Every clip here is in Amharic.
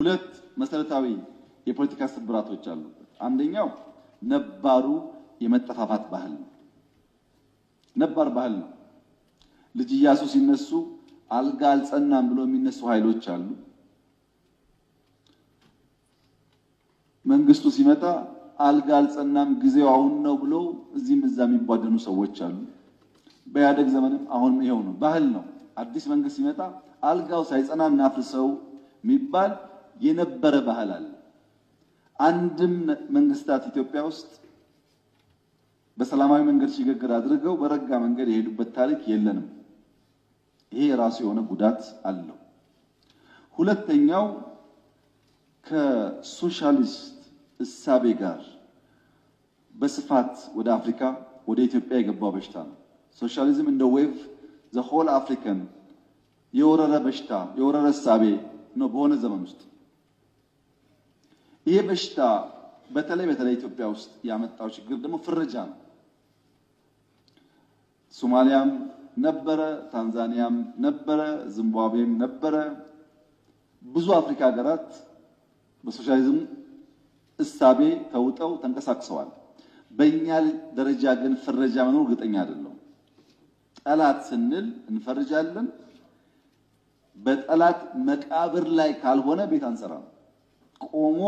ሁለት መሰረታዊ የፖለቲካ ስብራቶች አሉበት። አንደኛው ነባሩ የመጠፋፋት ባህል ነው። ነባር ባህል ነው። ልጅ ኢያሱ ሲነሱ አልጋ አልጸናም ብሎ የሚነሱ ኃይሎች አሉ። መንግስቱ ሲመጣ አልጋ አልጸናም ጊዜው አሁን ነው ብሎ እዚህም እዛ የሚቧደኑ ሰዎች አሉ። በኢህአደግ ዘመንም አሁን ይኸው ነው፣ ባህል ነው። አዲስ መንግስት ሲመጣ አልጋው ሳይጸና እናፍርሰው የሚባል የነበረ ባህል አለ። አንድም መንግስታት ኢትዮጵያ ውስጥ በሰላማዊ መንገድ ሽግግር አድርገው በረጋ መንገድ የሄዱበት ታሪክ የለንም። ይሄ የራሱ የሆነ ጉዳት አለው። ሁለተኛው ከሶሻሊስት እሳቤ ጋር በስፋት ወደ አፍሪካ ወደ ኢትዮጵያ የገባው በሽታ ነው። ሶሻሊዝም እንደ ዌቭ ዘ ሆል አፍሪካን የወረረ በሽታ የወረረ እሳቤ ነው በሆነ ዘመን ውስጥ ይሄ በሽታ በተለይ በተለይ ኢትዮጵያ ውስጥ ያመጣው ችግር ደግሞ ፍረጃ ነው። ሶማሊያም ነበረ፣ ታንዛኒያም ነበረ፣ ዚምባብዌም ነበረ። ብዙ አፍሪካ ሀገራት በሶሻሊዝም እሳቤ ተውጠው ተንቀሳቅሰዋል። በእኛ ደረጃ ግን ፍረጃ መኖር እርግጠኛ አይደለም። ጠላት ስንል እንፈርጃለን። በጠላት መቃብር ላይ ካልሆነ ቤት አንሰራም። ቆሞ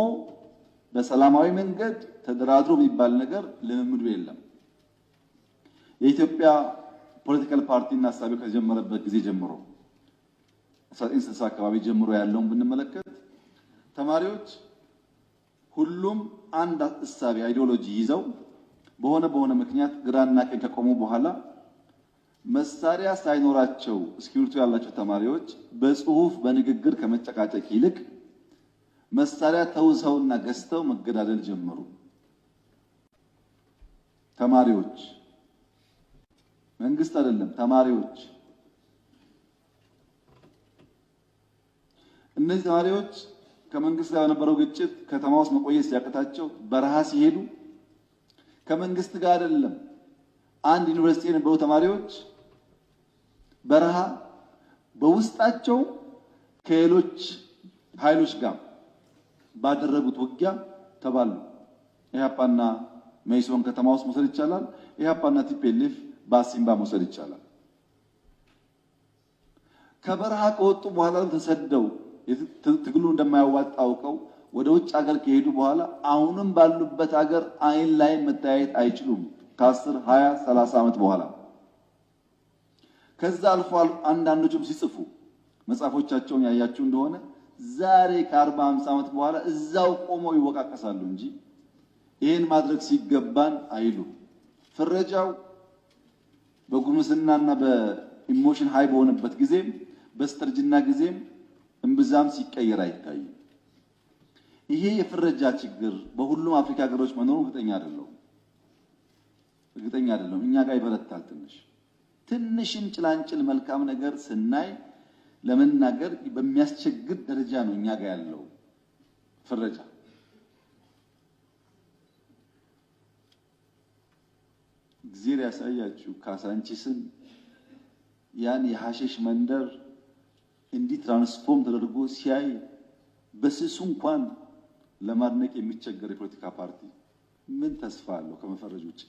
በሰላማዊ መንገድ ተደራድሮ የሚባል ነገር ልምምዱ የለም። የኢትዮጵያ ፖለቲካል ፓርቲና እሳቤ ከተጀመረበት ጊዜ ጀምሮ 1960 አካባቢ ጀምሮ ያለውን ብንመለከት ተማሪዎች ሁሉም አንድ እሳቤ አይዲዮሎጂ ይዘው በሆነ በሆነ ምክንያት ግራና ቀኝ ከቆሙ በኋላ መሳሪያ ሳይኖራቸው እስክሪብቶ ያላቸው ተማሪዎች በጽሁፍ በንግግር ከመጨቃጨቅ ይልቅ መሳሪያ ተውሰውና ገዝተው መገዳደል ጀመሩ። ተማሪዎች መንግስት አይደለም፣ ተማሪዎች እነዚህ ተማሪዎች ከመንግስት ጋር በነበረው ግጭት ከተማ ውስጥ መቆየት ሲያቅታቸው በረሃ ሲሄዱ ከመንግስት ጋር አይደለም፣ አንድ ዩኒቨርሲቲ የነበሩ ተማሪዎች በረሃ በውስጣቸው ከሌሎች ኃይሎች ጋር ባደረጉት ውጊያ ተባሉ። ኢህአፓና መይሶን ከተማ ውስጥ መውሰድ ይቻላል። ኢህአፓና ቲፔሌፍ ባሲምባ መውሰድ ይቻላል። ከበረሃ ከወጡ በኋላ ተሰደው ትግሉ እንደማያዋጣ አውቀው ወደ ውጭ ሀገር ከሄዱ በኋላ አሁንም ባሉበት ሀገር አይን ላይ መታየት አይችሉም። ከአስር ሀያ ሰላሳ ዓመት በኋላ ከዛ አልፎ አንዳንዶችም ሲጽፉ መጽሐፎቻቸውን ያያችሁ እንደሆነ ዛሬ ከአርባ ሃምሳ ዓመት በኋላ እዛው ቆመው ይወቃቀሳሉ እንጂ ይህን ማድረግ ሲገባን አይሉ። ፍረጃው በጉርምስናና በኢሞሽን ሀይ በሆነበት ጊዜም በስተርጅና ጊዜም እምብዛም ሲቀየር አይታይም። ይሄ የፍረጃ ችግር በሁሉም አፍሪካ ሀገሮች መኖሩ እርግጠኛ አይደለሁም እርግጠኛ አይደለሁም። እኛ ጋር ይበረታል። ትንሽ ትንሽም ጭላንጭል መልካም ነገር ስናይ ለመናገር በሚያስቸግር ደረጃ ነው እኛ ጋር ያለው ፍረጃ። እግዜር ያሳያችሁ ካሳንቺስን ያን የሐሸሽ መንደር እንዲህ ትራንስፎርም ተደርጎ ሲያይ በስሱ እንኳን ለማድነቅ የሚቸገር የፖለቲካ ፓርቲ ምን ተስፋ አለው ከመፈረጅ ውጭ?